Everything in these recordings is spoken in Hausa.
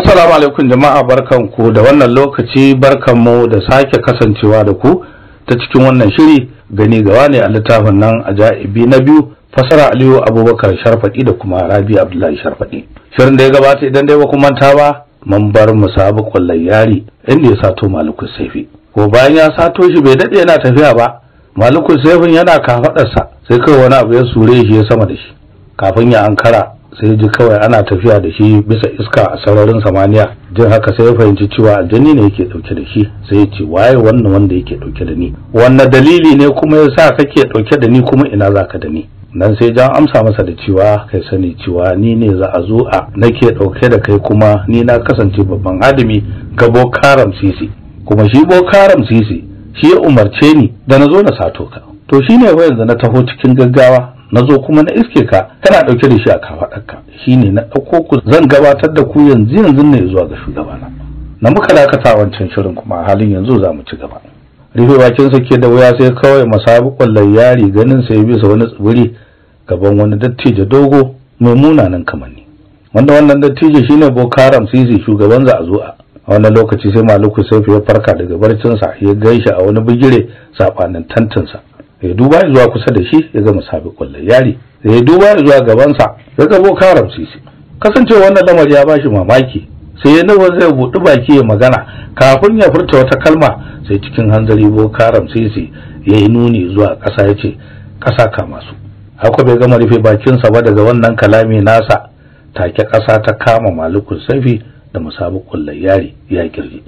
Assalamu alaikum jama'a barkanku da wannan lokaci barkanmu da sake kasancewa da ku ta cikin wannan shiri gani gawa ne a littafin nan a ja'ibi na biyu fasara Aliyu Abubakar Sharfadi da kuma Rabi Abdullahi Sharfadi. Shirin da ya gabata idan dai ba ku manta ba mun bar mu sabu yari inda ya sato Maliku Saifi. Ko bayan ya sato shi bai dade yana tafiya ba Maliku Saifin yana kafadarsa sai kai wani abu ya sure shi ya sama da shi kafin ya ankara sai ji kawai ana tafiya da shi bisa iska a sararin samaniya jin haka sai ya fahimci cewa aljani ne yake dauke da shi sai ya ce waye wannan wanda yake dauke da ni wannan dalili ne kuma ya sa kake dauke da ni kuma ina zaka da ni nan sai jan amsa masa da cewa kai sani cewa ni ne za a zo a nake dauke da kai kuma ni na kasance babban adami ga bokaram sisi kuma shi bokaram sisi shi ya umarce ni da na zo na sato ka to shine wayanzu yanzu na taho cikin gaggawa na zo kuma na iske ka kana ɗauke da shi a kafaɗarka shine na ɗauko ku zan gabatar da ku yanzu yanzu ne zuwa ga shugabana na muka dakata wancan shirin kuma a halin yanzu za mu ci gaba rufe bakin sa ke da wuya sai kawai masabikon layyari ganin ya bisa wani tsibiri gaban wani dattijo dogo mai munanan kamanni wanda wannan dattijo shine bokaram sisi shugaban za a zo a wannan lokaci sai maluku sai ya farka daga barcinsa ya gaishe a wani bigire sabanin tantansa ya duba zuwa kusa da shi ya gama sabi kwallon yari ya duba zuwa gabansa ya gabo karam sisi kasancewa wannan lamari ya bashi mamaki sai ya nawa zai buɗi baki ya magana kafin ya furta wata kalma sai cikin hanzari bo karam sisi ya yi nuni zuwa kasa ya ce ƙasa kamasu. Akwai bai gama rufe bakinsa ba daga wannan kalami nasa take ƙasa ta kama malikun safi da musabukun yari ya kirji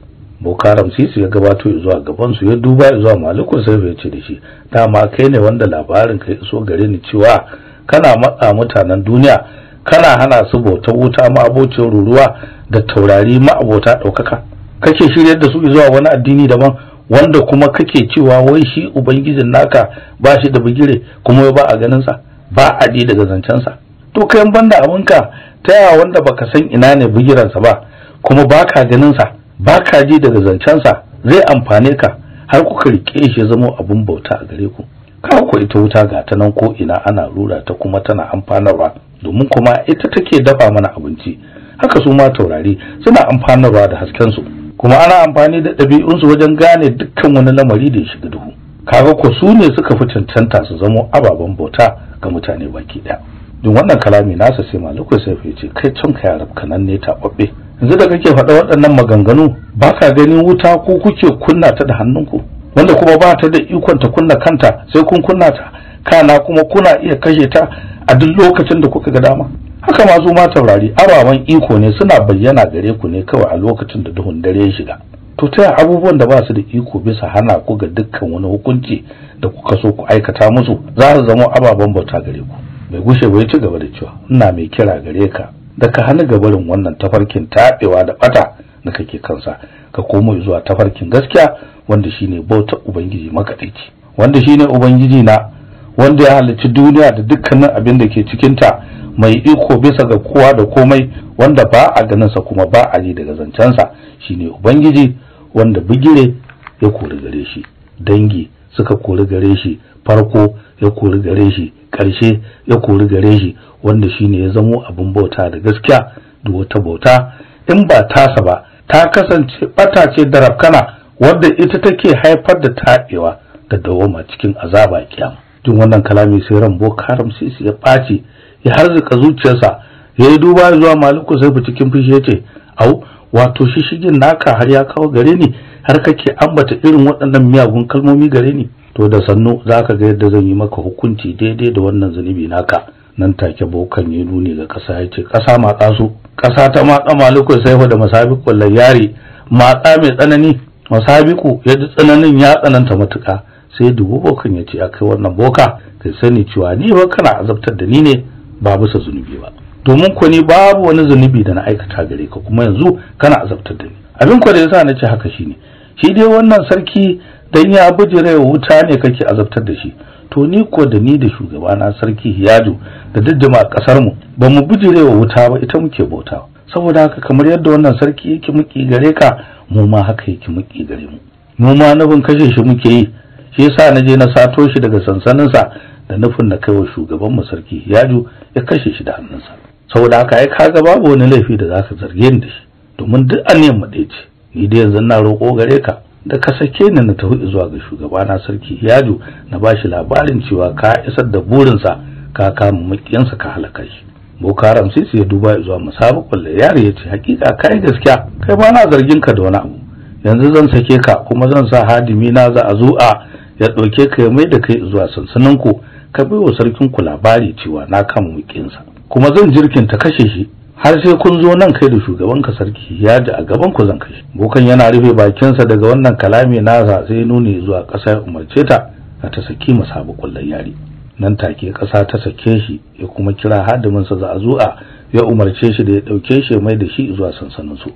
Mukaram Sisi ya gabato ya zuwa gaban su ya duba ya zuwa malikun Sarfi ya ce da shi dama kai ne wanda labarin ka iso gare ni cewa kana matsa mutanen duniya kana hana su bautar wuta abocin ruruwa da taurari abota ɗaukaka kake shiryar da su zuwa wani addini daban wanda kuma kake cewa wai shi ubangijin naka ba shi da bigire kuma ba a ganinsa ba a ji daga zancensa to kayan banda abinka ta yaya wanda baka san ina ne bigiransa ba kuma baka ganinsa ba ka ji daga zancensa zai amfane ka har kuka rike shi zama abun bauta a gare ku ka ku ita wuta ga ta nan ko ina ana rura ta kuma tana amfanarwa domin kuma ita take dafa mana abinci haka su ma taurari suna amfanarwa da hasken su kuma ana amfani da ɗabi'unsu wajen gane dukkan wani lamari da ya shiga duhu kaga ko su ne suka fi cancanta su zamo ababen bauta ga mutane baki ɗaya don wannan kalami nasa sai maliku sai ya kai can ka yarab kanan ne taɓaɓɓe yanzu da kake faɗa waɗannan maganganu ba ka ganin wuta ko kuke kunna ta da hannunku wanda kuma ba ta da ikon ta kunna kanta sai kun kunna ta kana kuma kuna iya kashe ta a duk lokacin da kuka ga dama haka ma zo ma taurari ababen iko ne suna bayyana gare ku ne kawai a lokacin da duhun dare ya shiga to ta abubuwan da ba su da iko bisa hana ku ga dukkan wani hukunci da kuka so ku aikata musu za su zama ababen bauta gare ku mai gushe bai ci gaba da cewa ina mai kira gare ka da ka hana gabarin wannan tafarkin taɓewa da ɓata da kake kansa ka komo zuwa tafarkin gaskiya wanda shine bautar ubangiji makaɗaici wanda shine ubangiji na wanda ya halicci duniya da dukkanin abin da ke cikinta mai iko bisa ga kowa da komai wanda ba a ganinsa kuma ba a ji daga zancensa shine ubangiji wanda bigire ya kori gare shi dangi suka kori gare shi farko ya kori gare shi ƙarshe ya kori gare shi wanda shine ya zamo abin bauta da gaskiya da wata bauta in ba tasa ba ta kasance ɓatace ce da rafkana wadda ita take haifar da taɓewa da dawoma cikin azaba kiyama jin wannan kalami sai rambo karam sisi ya ɓaci ya harzuka zuciyarsa ya yi duba zuwa maliku sai cikin fushi ya ce au wato shishigin naka har ya kawo gare ni har kake ambata irin waɗannan miyagun kalmomi gare ni to da sannu za ka ga yadda zan yi maka hukunci daidai da wannan zunubi naka nan take bokan ya nuni ga kasa ya ce ƙasa matsa su ƙasa ta matsa malikul saifa da masabiku yare matsa mai tsanani masabiku ya ji tsananin ya tsananta matuka sai dubu bokan ya ce a kai wannan boka kai sani cewa ni ba kana azabtar da ni ne ba bisa zunubi ba domin ku ne babu wani zunubi da na aikata gare ka kuma yanzu kana azabtar da ni abin ku da yasa na ce haka shine shi dai wannan sarki dan ya bujire wuta ne kake azabtar da shi to ni ko da ni da shugabana sarki hiyadu da daddama kasar mu ba mu bujire wuta ba ita muke bauta saboda haka kamar yadda wannan sarki yake muki gare ka mu ma haka yake muki gare mu mu ma nufin kashe shi muke yi shi yasa na je na sato shi daga sansaninsa da nufin na kai wa shugabanmu sarki hiyadu ya kashe shi da hannunsa saboda haka ai kaga babu wani laifi da zaka zarge ni da shi domin duk aniyan mu ɗaya ce ni da yanzu na roƙo gare ka da ka sake ni na tafi zuwa ga shugaba na sarki yajo na bashi labarin cewa ka isar da burinsa ka kama makiyansa ka halaka shi Bokaram Sisi ya duba zuwa musabakon yari ya ce hakika kai gaskiya kai ba na zargin ka da wani abu yanzu zan sake ka kuma zan sa hadimi na za a zo a ya ɗauke ka ya mai da kai zuwa sansanin ku ka bai wa sarkin ku labari cewa na kama mukinsa kuma zan jirkin ta kashe shi har sai kun zo nan kai da shugaban sarki ya ji a gaban ku zan kashe bokan yana rufe bakinsa daga wannan kalami nasa sai nuni zuwa ƙasa ya umarce ta a ta saki masabu kullun yari nan take ƙasa ta sake shi ya kuma kira hadiminsa za a ya umarce shi da ya ɗauke shi mai da shi zuwa sansanin su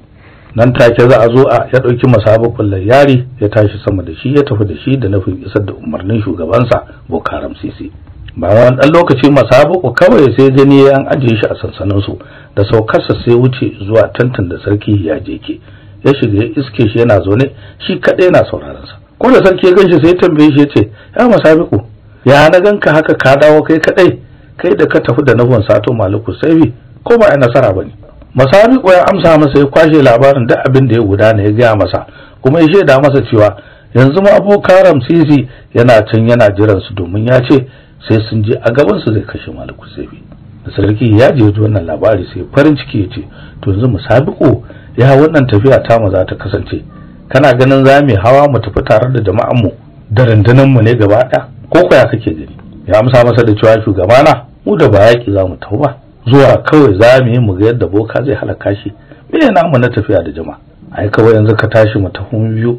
nan take za a zo a ya ɗauki masabu kullun yari ya tashi sama da shi ya tafi da shi da nufin isar da umarnin shugabansa bokaram sisi wa ɗan lokaci masabuku kawai sai gani ya ajiye shi a sansaninsu da saukarsa sai wuce zuwa tantan da sarki ya je ke ya shiga ya iske shi yana zaune shi kaɗai yana sauraronsa ko da sarki ya ganshi sai ya tambaye shi ya ce ya masabiku ya na ganka haka ka dawo kai kaɗai kai da ka tafi da nufin sato maliku sai ko ba a nasara ba ne masabiku ya amsa masa ya kwashe labarin duk abin da ya gudana ya gaya masa kuma ya shaida masa cewa yanzu ma abokan ramsisi yana can yana jiran su domin ya ce sai sun je a gaban su zai kashe Malik zabi da sarki ya ji wannan labari sai farin ciki ya ce to yanzu mu sabiko ya wannan tafiya ta mu za ta kasance kana ganin za mu hawa mu tafi tare da jama'an mu da randanan mu ne gaba ɗaya ko kuya kake gani ya amsa masa da cewa shugaba na? mu da bayaki za mu tafi ba zuwa kawai za mu yi mu ga yadda boka zai halaka shi me yana mu na tafiya da jama'a ai kawai yanzu ka tashi mu tafi biyu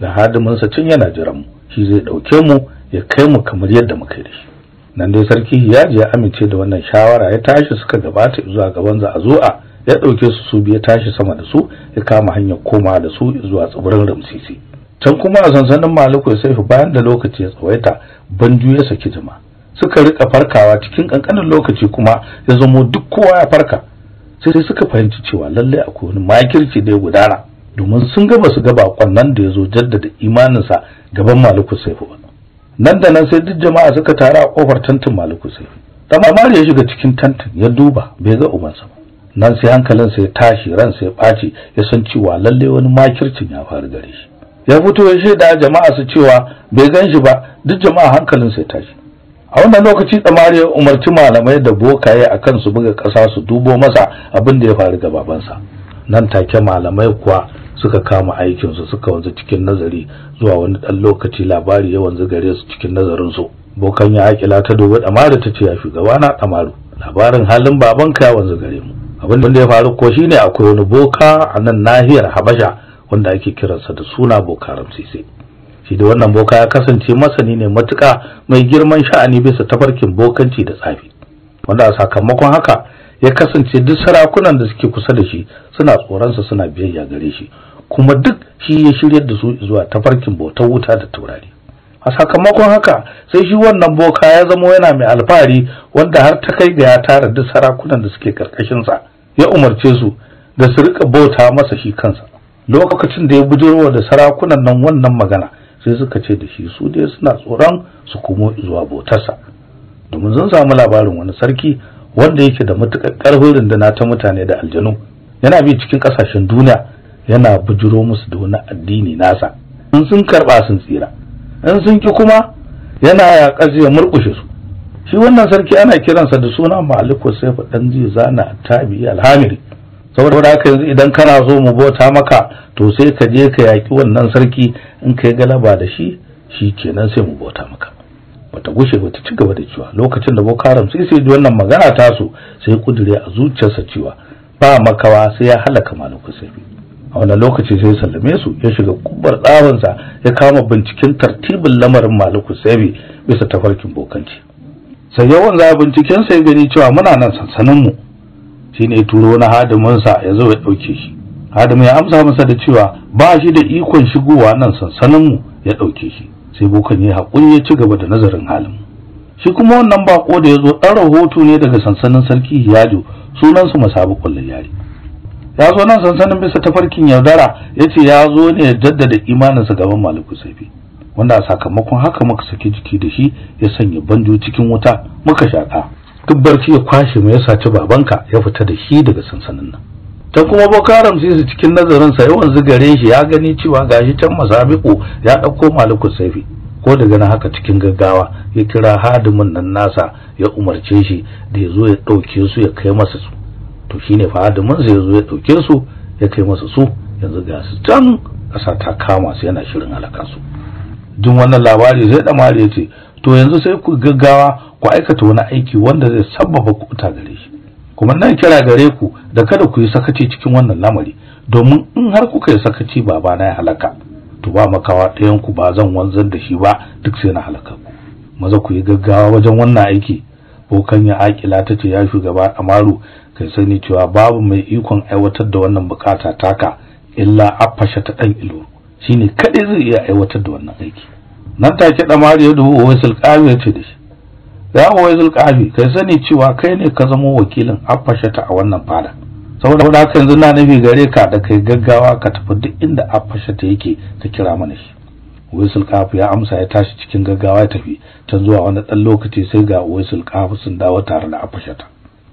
da hadimin sa cin yana jiran mu shi zai dauke mu ya kai mu kamar yadda muka yi da shi nan dai sarki ya ya amince da wannan shawara ya tashi suka gabata zuwa gaban za'azu'a ya ɗauke su su biya tashi sama da su ya kama hanyar koma da su zuwa tsibirin ramsisi can kuma a sansanin ya sai bayan da lokaci ya tsawaita banju ya saki jima suka rika farkawa cikin kankanin lokaci kuma ya zamo duk kowa ya farka sai suka fahimci cewa lallai akwai wani makirci da ya gudana domin sun gaba su gaba kwannan nan da ya zo jaddada imaninsa gaban maluku sai ba nan da nan sai duk jama'a suka taru a kofar tantin malukusai tamamar ya shiga cikin tantin ya duba bai ga ubansa ba nan sai hankalin ya tashi ran sai ɓaci ya san cewa lalle wani makircin ya faru gare shi ya fito ya shaida jama'a su cewa bai gan shi ba duk jama'a hankalin ya tashi a wannan lokaci tsamari ya umarci malamai da bokaye a kan su buga ƙasa su dubo masa abin da ya faru ga babansa nan take malamai kuwa suka kama aikinsu suka wanzu cikin nazari zuwa wani ɗan lokaci labari ya wanzu gare su cikin nazarin su. bokan ya haƙila ta dubi ɗamara ta ce ya na, ɗamaru labarin halin babanka ya wanzu gare mu abin da ya faru ko shine akwai wani boka a nan nahiyar habasha wanda ake kiransa da suna boka ramsese shi da wannan boka ya kasance masani ne matuƙa mai girman sha'ani bisa tafarkin bokanci da tsafi wanda a sakamakon haka ya kasance duk sarakunan da suke kusa da shi suna tsoronsa suna biyayya gare shi kuma duk shi ya shiryar da su zuwa tafarkin bautar wuta da taurari a sakamakon haka sai shi wannan boka ya zama yana mai alfahari wanda har ta kai ga ya tara duk sarakunan da suke ƙarƙashinsa, ya umarce su da su rika bauta masa shi kansa lokacin da ya budurwa da sarakunan nan wannan magana sai suka ce da shi su dai suna tsoron su komo zuwa bautarsa domin sun samu labarin wani sarki wanda yake da matukar karfin rundunar ta mutane da aljanu yana bi cikin ƙasashen duniya yana bujiro musu da wani addini nasa in sun karba sun tsira in sun ki kuma yana yaƙa ya murƙushe su shi wannan sarki ana kiransa da suna maliku fa dan zana tabi alhamiri saboda haka yanzu idan kana zo mu bota maka to sai ka je ka yaki wannan sarki in kai galaba da shi shi kenan sai mu bota maka bata gushe bata ci gaba da cewa lokacin da bokaram sai sai ji wannan magana tasu sai kudure a zuciyarsa cewa ba makawa sai ya halaka maliku sai a wani lokaci sai sallame su ya shiga kubar tsarinsa ya kama binciken tartibin lamarin maliku sabi bisa tafarkin bokanci sai yawan za binciken sai gani cewa muna nan sansanin mu shine ya turo na hadimin sa ya zo ya dauke shi hadimin ya amsa masa da cewa ba shi da ikon shigowa nan sansanin mu ya dauke shi sai bokan ya hakuri ya ci gaba da nazarin halin shi kuma wannan bako da ya zo ɗan rahoto ne daga sansanin sarki Hiyajo sunansa Masabu yari ya zo nan sansanin bisa tafarkin yaudara ya ce ya zo ne ya jaddada imaninsa gaban maliku saifi, wanda a sakamakon haka muka saki jiki da shi ya sanya banjo cikin wuta muka shaka duk barci ya kwashe mu ya saci babanka ya fita da shi daga sansanin nan ta kuma bokaram sai su cikin nazarin sa yawan gare shi ya gani cewa gashi can masabiku ya dauko maliku saifi, ko daga nan haka cikin gaggawa ya kira hadimin nan nasa ya umarce shi da ya zo ya ɗauke su ya kai masa su to shine fa'adimin zai zo ya dauke su ya kai masa su yanzu ga su can Kasa ta kama su yana shirin halaka su jin wannan labari zai da ya ce to yanzu sai ku gaggawa ku aikata wani aiki wanda zai sabbaba ku ta gare shi kuma na kira gare ku da kada ku yi sakaci cikin wannan lamari domin in har kuka yi sakaci baba na ya halaka to ba makawa ɗayan ku ba zan wanzar da shi ba duk sai na halaka ku maza ku yi gaggawa wajen wannan aiki bokan ya akila ta ce ya shugaba amaru ka sani cewa babu mai ikon aiwatar da wannan bukata taka illa afasha ta dan ilo shine kadai zai iya aiwatar da wannan aiki nan take mari da duhu waisul qabi ya ce da shi ya waisul qabi kai sani cewa kai ne ka zama wakilin afasha ta a wannan fada saboda haka yanzu na nufi gare ka da kai gaggawa ka tafi duk inda afasha ta yake ta kira mana shi waisul qabi ya amsa ya tashi cikin gaggawa ya tafi tun zuwa wani dan lokaci sai ga waisul qabi sun dawo tare da afasha ta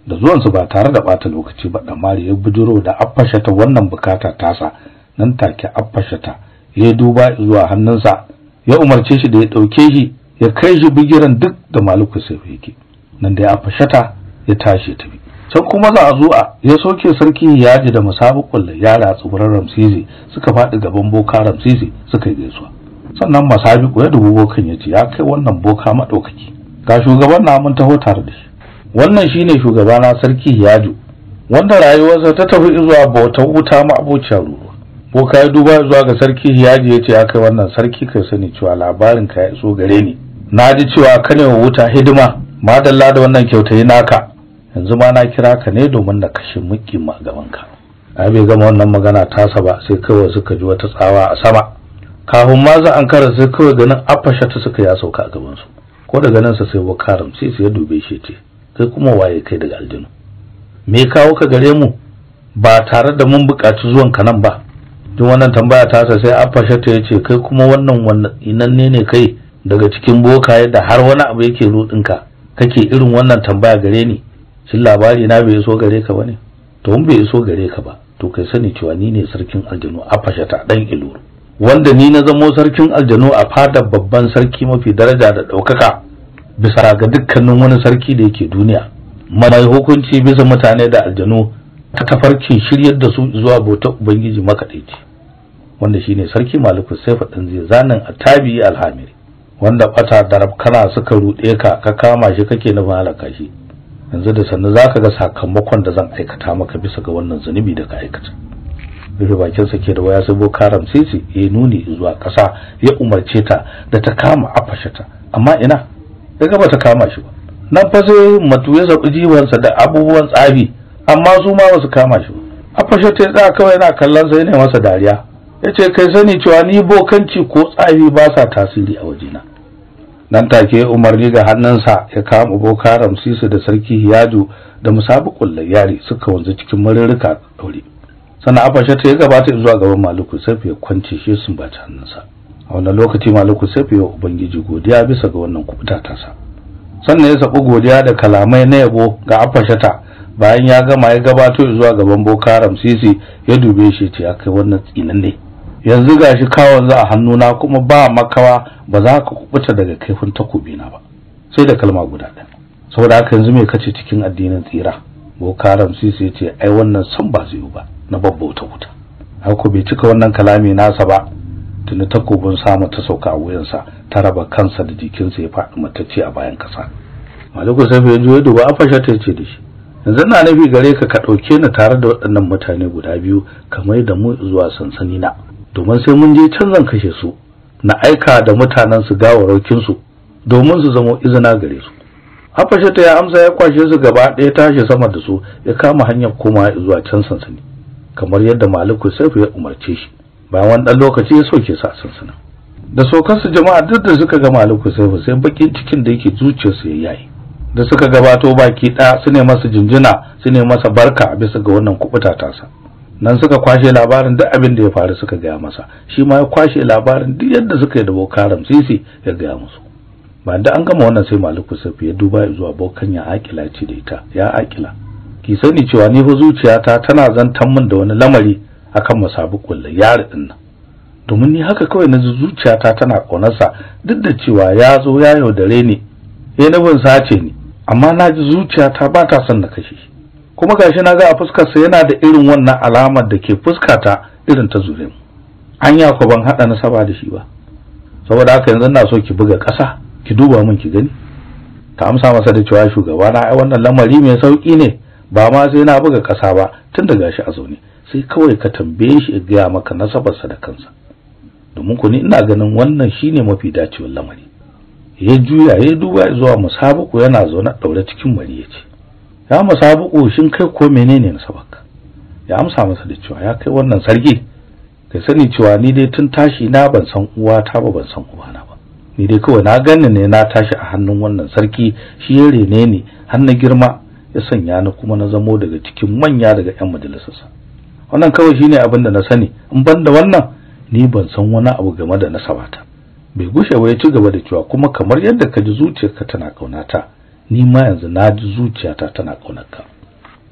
da zuwansu ba tare da bata lokaci ba mari ya bujiro da affashe ta wannan bukata tasa nan take affasha ta ya duba zuwa hannunsa ya umarce shi da ya dauke shi ya kai shi bigiran duk da maluku sai yake nan da ya affashe ta ya tashi ta bi can kuma za a zo a ya soke sarki yaji da musabukul ya la tsibirar ramsizi suka faɗi gaban boka ramsizi suka yi gaisuwa sannan masabiku ya dubo bokan ya ce ya kai wannan boka maɗaukaki ga shugaban namun taho tare da shi wannan shine shugabana sarki yaju wanda rayuwarsa ta tafi zuwa bautar wuta ma'abuciyar ruwa ko ka duba zuwa ga sarki hiyaji ya ce aka wannan sarki kai sani cewa labarin ka ya iso gare ni na ji cewa ka ne wuta hidima madalla da wannan kyautai naka yanzu ma na kira ka ne domin na kashe mukin ma gaban ka ai bai gama wannan magana tasa ba sai kawai suka ji wata tsawa a sama kafin ma za an kara sai kawai ganin afasha ta suka ya sauka a gaban su ko da ganin sa sai wakaram sai su ya dube shi ce kai kuma waye kai daga aljanu me kawo ka gare mu ba tare da mun buƙaci zuwan ka nan ba duk wannan tambaya ta sai afasha ta yace kai kuma wannan wannan inanne ne kai daga cikin bokaye da har wani abu yake rudinka kake irin wannan tambaya gare ni shin labari na bai so gare ka bane to mun bai so gare ka ba to kai sani cewa ni ne sarkin aljanu afasha ta dan iluru wanda ni na zamo sarkin aljanu a fadar babban sarki mafi daraja da ɗaukaka bisa ga dukkanin wani sarki da yake duniya mai hukunci bisa mutane da aljanu ta tafarkin shiryar da su zuwa bautar ubangiji makaɗaici wanda shine sarki maliku saifa ɗin zai zanen a tabi'i alhamiri wanda ɓata da rafkana suka ruɗe ka ka kama shi kake na halaka shi yanzu da sannu za ka ga sakamakon da zan aikata maka bisa ga wannan zunubi da ka aikata rufe bakinsa ke da waya sai bokaram sisi ya nuni zuwa ƙasa ya umarce ta da ta kama afashata ta amma ina daga bata kama shi ba nan fa sai matu ya zaɓi jiwansa da abubuwan tsabi amma su ma ba su kama shi ba a fashe ta tsaya kawai yana kallon sai ne masa dariya ya ce kai sani cewa ni bokanci ko tsabi ba sa tasiri a wajena nan take umarni ga hannunsa ya kama boka ramsisu da sarki hiyadu da musabukun layyari suka wanzu cikin marurruka ɗaure sannan a fashe ta ya gabata zuwa gaban maluku sai ya kwance shi sun bata hannunsa a wannan lokaci maluku sai fiye ubangiji godiya bisa ga wannan kubuta tasa sannan ya saɓi godiya da kalamai na yabo ga afashata bayan ya gama ya gabato zuwa gaban bokaram sisi ya dube shi ce akai wannan tsinan ne yanzu gashi kawon za a hannuna kuma ba makawa ba za ka kubuta daga kaifin takobi na ba sai da kalma guda ɗaya saboda haka yanzu me kace cikin addinin tsira bokaram sisi ya ce ai wannan san ba zai yi ba na babbauta wuta haka bai cika wannan kalami nasa ba tuni takobin sama ta sauka a wuyansa ta raba kansa da jikinsa ya faɗi matacce a bayan kasa maliku safi ya juya duba afasha ta ce da shi yanzu na nufi gare ka ka ɗauke ni tare da waɗannan mutane guda biyu kamar da mu zuwa sansani na domin sai mun je can zan kashe su na aika da mutanen su gawaraukin su domin su zamo izina gare su afasha ta ya amsa ya kwashe su gaba ɗaya tashi sama da su ya kama hanyar komawa zuwa can sansani kamar yadda maliku safi ya umarce shi bayan wani ɗan lokaci ya soke sa sunsuna da sokarsu jama'a duk da suka ga maliku sai sai bakin cikin da yake zuciyarsu ya yayi da suka gabato baki ɗaya su ne masa jinjina su ne masa barka bisa ga wannan kubuta tasa nan suka kwashe labarin duk abin da ya faru suka gaya masa shi ma ya kwashe labarin duk yadda suka yi da bokaram sisi ya gaya musu ba da an gama wannan sai maliku sai ya duba zuwa bokan ya akila ce da ita ya akila ki sani cewa ni fa zuciyata tana zantan min da wani lamari akan kullu yari din nan domin ni haka kawai na ji zuciyata tana ƙonarsa duk da cewa ya zo ya yaudare ni eh, na bin sace ni amma na ji zuciyata ba ta son na kashe shi kuma gashi na ga a fuskarsa yana da irin wannan alamar da ke fuskata irin ta zure mu an ya ku ban haɗa nasaba da shi ba saboda haka yanzu ina so ki buga ƙasa ki duba min ki gani ta amsa masa da cewa shugaba na ai wannan lamari mai sauki ne ba ma sai na buga ƙasa ba tun da gashi a zaune sai kawai ka tambaye shi ya gaya maka nasabarsa da kansa domin ku ne ina ganin wannan shine mafi dacewar lamari ya juya ya duba zuwa musabiku yana zaune daure cikin mari yace ya musabaku shin kai ko menene nasabarka ya amsa masa da cewa ya kai wannan sarki kai sani cewa ni dai tun tashi na ban san uwata ba ban san uwana ba ni dai kawai na ganni ne na tashi a hannun wannan sarki shi ya rene ni har na girma ya sanya ni kuma na zamo daga cikin manya daga 'yan majalisarsa wannan kawai shine abin da na sani in banda wannan ni ban san wani abu game da nasaba ta. bai gushe ba ya ci gaba da cewa kuma kamar yadda ka ji zuciyarka tana kaunata ni ma yanzu na ji zuciyata tana kaunarka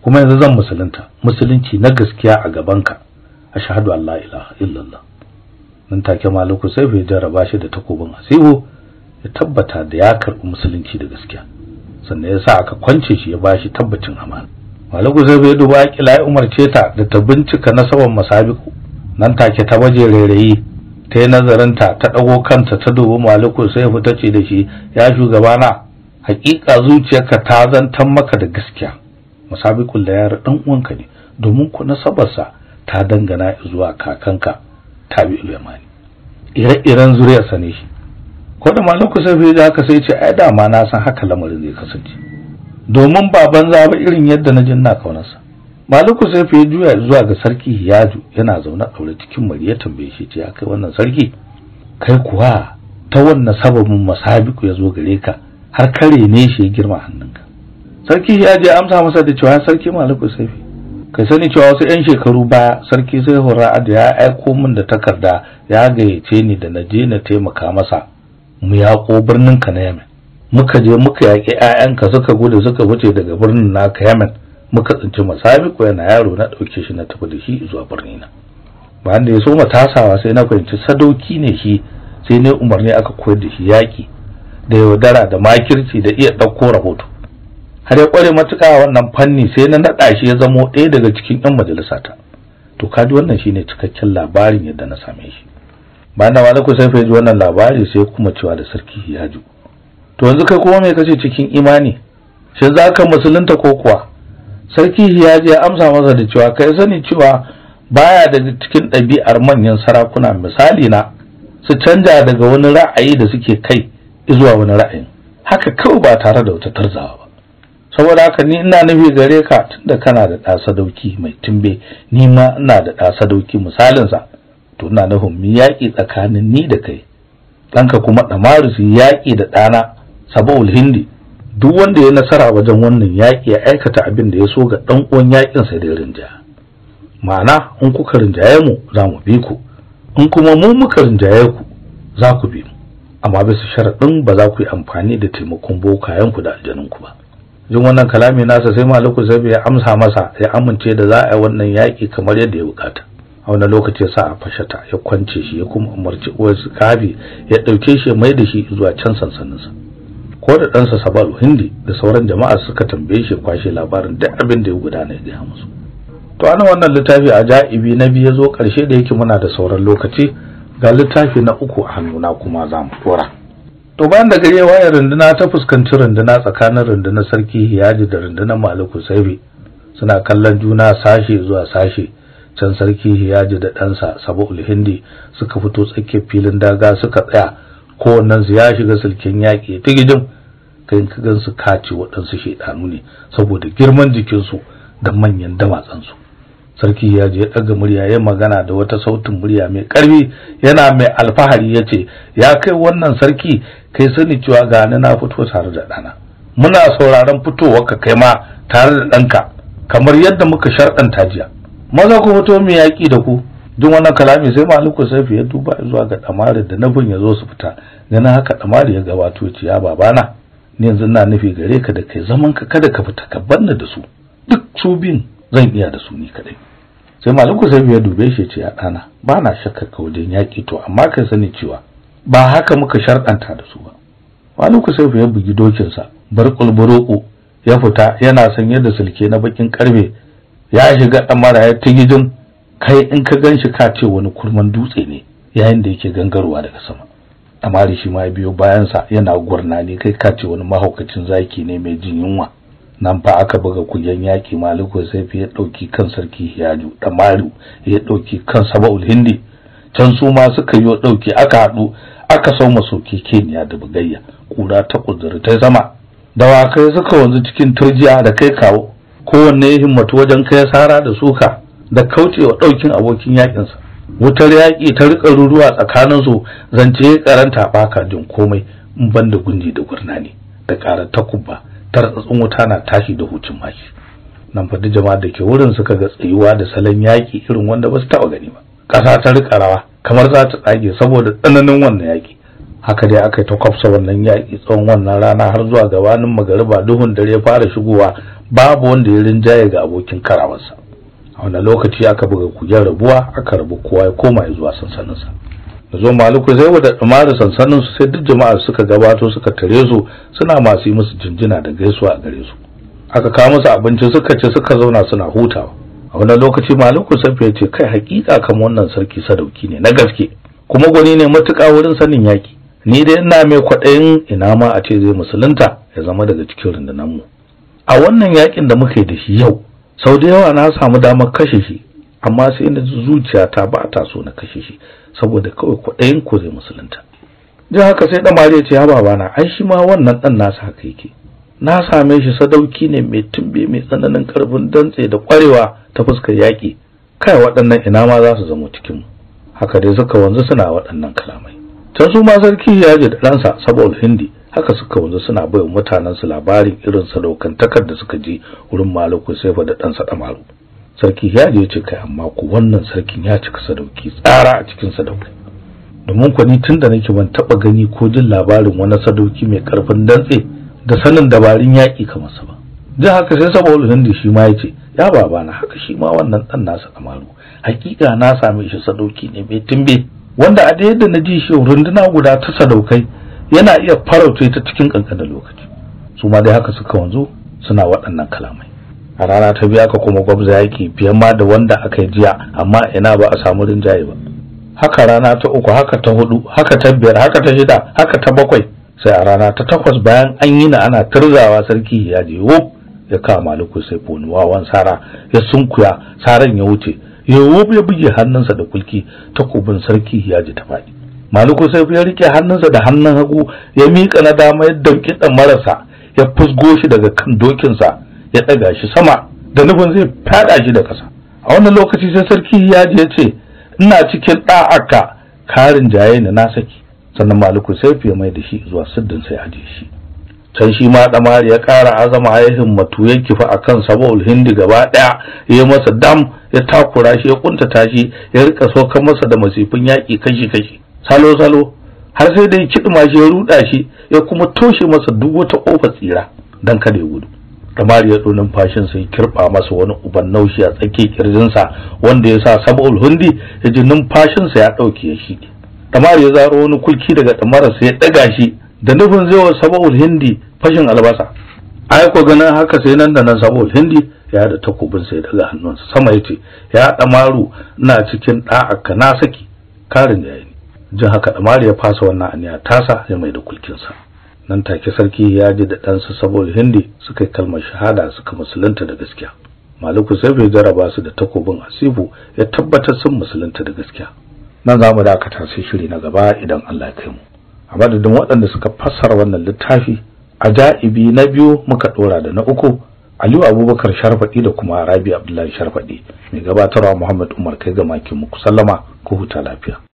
kuma yanzu zan musulunta musulunci na gaskiya a gabanka ashhadu an la ilaha illallah nan take maluku sai bai jarraba shi da takobin asibo ya tabbata da ya karɓi musulunci da gaskiya sannan ya sa aka kwance shi ya bashi tabbacin amana zai bai duba Akila ya umarce ta da ta bincika nasabar Masabiku nan take ta baje rairayi ta yi nazarinta ta ɗago kanta ta dubi Maliku sai fita ce da shi ya shugabana hakika zuciyarka ta zantan maka da gaskiya Masabiku da yara ɗan uwanka ne domin ku nasabarsa ta dangana zuwa kakanka Tabi'ul Yamani ire-iren zuriyarsa ne shi ko da Maliku yi da haka sai ce ai dama na san haka lamarin zai kasance domin ba banza ba irin yadda na jinna kaunarsa maluku sai fa juya zuwa ga sarki yaju yana zaune aure cikin mari ya tambaye shi ce akai wannan sarki kai kuwa ta wannan sababin masabiku yazo zo gare ka har kare ne shi ya girma hannunka sarki ya amsa masa da cewa sarki maluku sai kai sani cewa wasu yan shekaru baya sarki sai hurra da ya aiko min da takarda ya gayyace ni da na je na taimaka masa mu yaƙo birnin ka na yamin muka je muka yaƙi 'ya'yanka suka gudu suka wuce daga birnin na kayaman, muka tsinci ko yana yaro na ɗauke shi na tafi da shi zuwa birni na ba da ya so matasawa sai na fahimci sadauki ne shi sai ne umarni aka koyar da shi yaƙi da yaudara da makirci da iya ɗauko rahoto har ya ƙware matuƙa wannan fanni sai na naɗa shi ya zamo ɗaya daga cikin 'yan majalisa ta to kaji wannan shine cikakken labarin yadda na same shi ba da malikul sai ji wannan labari sai kuma cewa da sarki ya hiyaju to yanzu kai kuma me kace cikin imani shin za ka musulunta ko kuwa sarki hiyaji ya amsa masa da cewa kai sani cewa baya daga cikin ɗabi'ar manyan sarakuna misali na su canja daga wani ra'ayi da suke kai zuwa wani ra'ayin haka kawai ba tare da wata tarzawa ba saboda haka ni ina nufi gare ka tunda kana da ɗa sadauki mai tumbe ni ma ina da ɗa misalin sa to ina nufin mi yaƙi tsakanin ni da kai ɗanka kuma ɗamaru su yaƙi da ɗana sabawul hindi duk wanda ya nasara wajen wannan yaki ya aikata abin da ya so ga dan uwan yakin sa da rinja ma'ana in kuka rinjaye mu za mu bi ku in kuma mu muka rinjaye ku za ku bi mu amma bisa sharaɗin ba za ku yi amfani da taimakon bokayen ku da aljanun ku ba jin wannan kalami nasa sai maliku zabi ya amsa masa ya amince da za a yi wannan yaki kamar yadda ya bukata a wani lokaci ya sa a fashata ya kwance shi ya kuma umarci uwar kabi ya ɗauke shi ya mai da shi zuwa can sansaninsa ko da ɗansa sabal hindi da sauran jama'a suka tambaye shi kwashe labarin duk abin da ya gudana ya gaya musu to ana wannan littafi a ja'ibi na biyu ya zo ƙarshe da yake muna da sauran lokaci ga littafi na uku a hannuna kuma za mu tura to bayan da gare waya runduna ta fuskanci runduna tsakanin rundunar sarki hiyaji da rundunar maliku saibi suna kallon juna sashe zuwa sashe can sarki hiyaji da ɗansa sabo hindi suka fito tsakiyar filin daga suka tsaya wannan su ya shiga yaki yaƙi gidan kai ka gansu kace waɗansu shaidanu ne saboda girman jikinsu da manyan damatsansu sarki ya je ɗaga murya ya magana da wata sautin murya mai ƙarfi yana mai alfahari ya ce ya kai wannan sarki kai sani cewa ga ni na fito tare da ɗana muna sauraron ka kai ma tare da ɗanka kamar yadda muka sharɗanta jiya maza ku fito mu yaƙi da ku duk wannan kalami sai maliku sai ya duba zuwa ga damari da nufin ya zo su fita ganin haka damari ya gabato ciya babana ni yanzu na nufi gare ka da kai zaman ka kada ka fita ka banna da su duk su bin zan iya da su ni kadai sai maliku sai ya dube shi ce ya dana ba na shakka ka wajen yaki to amma kai sani cewa ba haka muka sharɗanta da su ba maliku sai ya bugi dokinsa bar kulburoko ya fita yana sanye da silke na bakin karbe ya shiga damara ya tigijin kai in ka gan shi ka ce wani kurman dutse ne yayin da yake gangarwa daga sama amari shi ma ya biyo bayansa yana gurnani kai ka ce wani mahaukacin zaki ne mai jin yunwa nan fa aka buga kujen yaki maliko sai ya dauki kan sarki hiyaju da maru ya dauki kan sabaul hindi can su ma suka yi dauki aka hadu aka sau masoke kekeniya da bugayya kura ta kudura ta wa dawakai suka wanzu cikin turjiya da kai kawo kowanne ya himmatu wajen kai sara da suka da kaucewa ɗaukin abokin yaƙinsa wutar yaƙi ta riƙa ruruwa tsakanin su zance ya karanta baka jin komai in ban da gunji da ne. da ƙarar takubba tartsatsin wuta na tashi da hucin maki nan fadi jama'a da ke wurin suka ga tsayuwa da salon yaƙi irin wanda ba su taɓa gani ba ƙasa ta riƙa rawa kamar za ta tsage saboda tsananin wannan yaƙi haka dai aka yi ta kwafsa wannan yaƙi tsawon wannan rana har zuwa gabanin magariba duhun dare fara shigowa babu wanda ya rinjaye ga abokin karawarsa a lokaci aka buga kujen rabuwa aka rabu kowa ya koma ya zuwa sansaninsa zo maliku zai da ɗumari sansanin su sai duk jama'ar suka gabato suka tare su suna masu yi musu jinjina da gaisuwa a gare su aka kawo musu abinci suka ci suka zauna suna hutawa a wani lokaci maliku safiya ce kai hakika kan wannan sarki sadauki ne na gaske kuma gwani ne matuƙa wurin sanin yaki ni dai ina mai kwaɗayin ina ma a ce zai musulunta ya zama daga cikin rundunar mu a wannan yakin da muke da shi yau sau da yawa na samu damar kashe shi amma sai na ta ba ta so na kashe shi saboda kawai kwaɗayin ko zai musulunta jin haka sai mare ce ya babana ai shi ma wannan ɗan nasa haka yake na same shi sadauki ne mai tumbe mai tsananin karfin dantse da kwarewa ta fuskar yaƙi kai waɗannan ina ma za su zamo cikin mu haka dai suka wanzu suna waɗannan kalamai can su ma sarki ya ji da ɗansa saboda hindi haka suka wanzu suna baiwa mutanen su labarin irin sadaukantakar da suka je wurin Malik Husaifa da ɗansa Damaru sarki ya je ce kai amma ku wannan sarkin ya cika sadauki tsara a cikin sadauki domin ku ni tunda nake ban taba gani ko jin labarin wani sadauki mai karfin dantse da sanin dabarun yaƙi kamar sa ba ji haka sai saboda da shi ma ce, ya baba na haka shi ma wannan dan nasa Damaru hakika na same shi sadauki ne mai timbe wanda a da yadda na ji shi runduna guda ta sadaukai yana iya farauta ta cikin kankanin lokaci su ma dai haka suka wanzu suna waɗannan kalamai a rana ta biya ka kuma gwabza yake biyan ma da wanda aka yi jiya amma ina ba a samu rinjaye ba haka rana ta uku haka ta hudu haka ta biyar haka ta shida haka ta bakwai sai a rana ta takwas bayan an yi na ana turzawa sarki ya je wuf ya kama maluku sai foni wawan sara ya sunkuya saran ya wuce ya wuf ya buge hannunsa da kulki takobin sarki ya ji ta faɗi maluku sai ya rike hannunsa da hannun hagu ya miƙa na dama ya dauki marasa ya fusgo shi daga kan dokinsa ya ɗaga shi sama da nufin zai fada shi da ƙasa a wannan lokaci sai sarki ya je ce ina cikin ɗa'aka karin jaye na na saki sannan maluku sai ya mai da shi zuwa siddin sai aje shi can shi ma damari ya ƙara azama ya himmatu ya kifa a kan sabol hindi gaba ɗaya ya masa dam ya takura shi ya kuntata shi ya rika sokan masa da masifin yaƙi kashi kashi salo-salo har sai dai kiɗima shi ya ruɗa shi ya kuma toshe masa duk wata ƙofa tsira don kada ya gudu kamar ya tsonin fashin sai kirɓa masa wani uban naushi a tsakiyar kirjinsa wanda ya sa sab'ul hundi ya ji numfashinsa ya ɗauke ya shi kamar ya zaro wani kulki daga ɗamarar sai ya ɗaga shi da nufin zai wa sab'ul hindi fashin albasa ai ko ganin haka sai nan da nan sab'ul hindi ya da takobin sai daga hannunsa sama ya ce ya ɗamaru ina cikin ɗa'a ka na saki karin da ya jin haka damari ya fasa wannan aniya tasa ya mai da kulkinsa nan take sarki ya ji da su saboda hindi suka yi kalmar shahada suka musulunta da gaskiya maliku sai bai jaraba su da takobin Asifu, ya tabbatar sun musulunta da gaskiya nan zamu mu dakata sai shiri na gaba idan Allah ya kai mu da madadin waɗanda suka fassara wannan littafi ajaibi na biyu muka ɗora da na uku Aliyu Abubakar Sharfaɗi da kuma Rabi Abdullahi Sharfaɗi mai gabatarwa Muhammad Umar kai ga makin muku sallama ku huta lafiya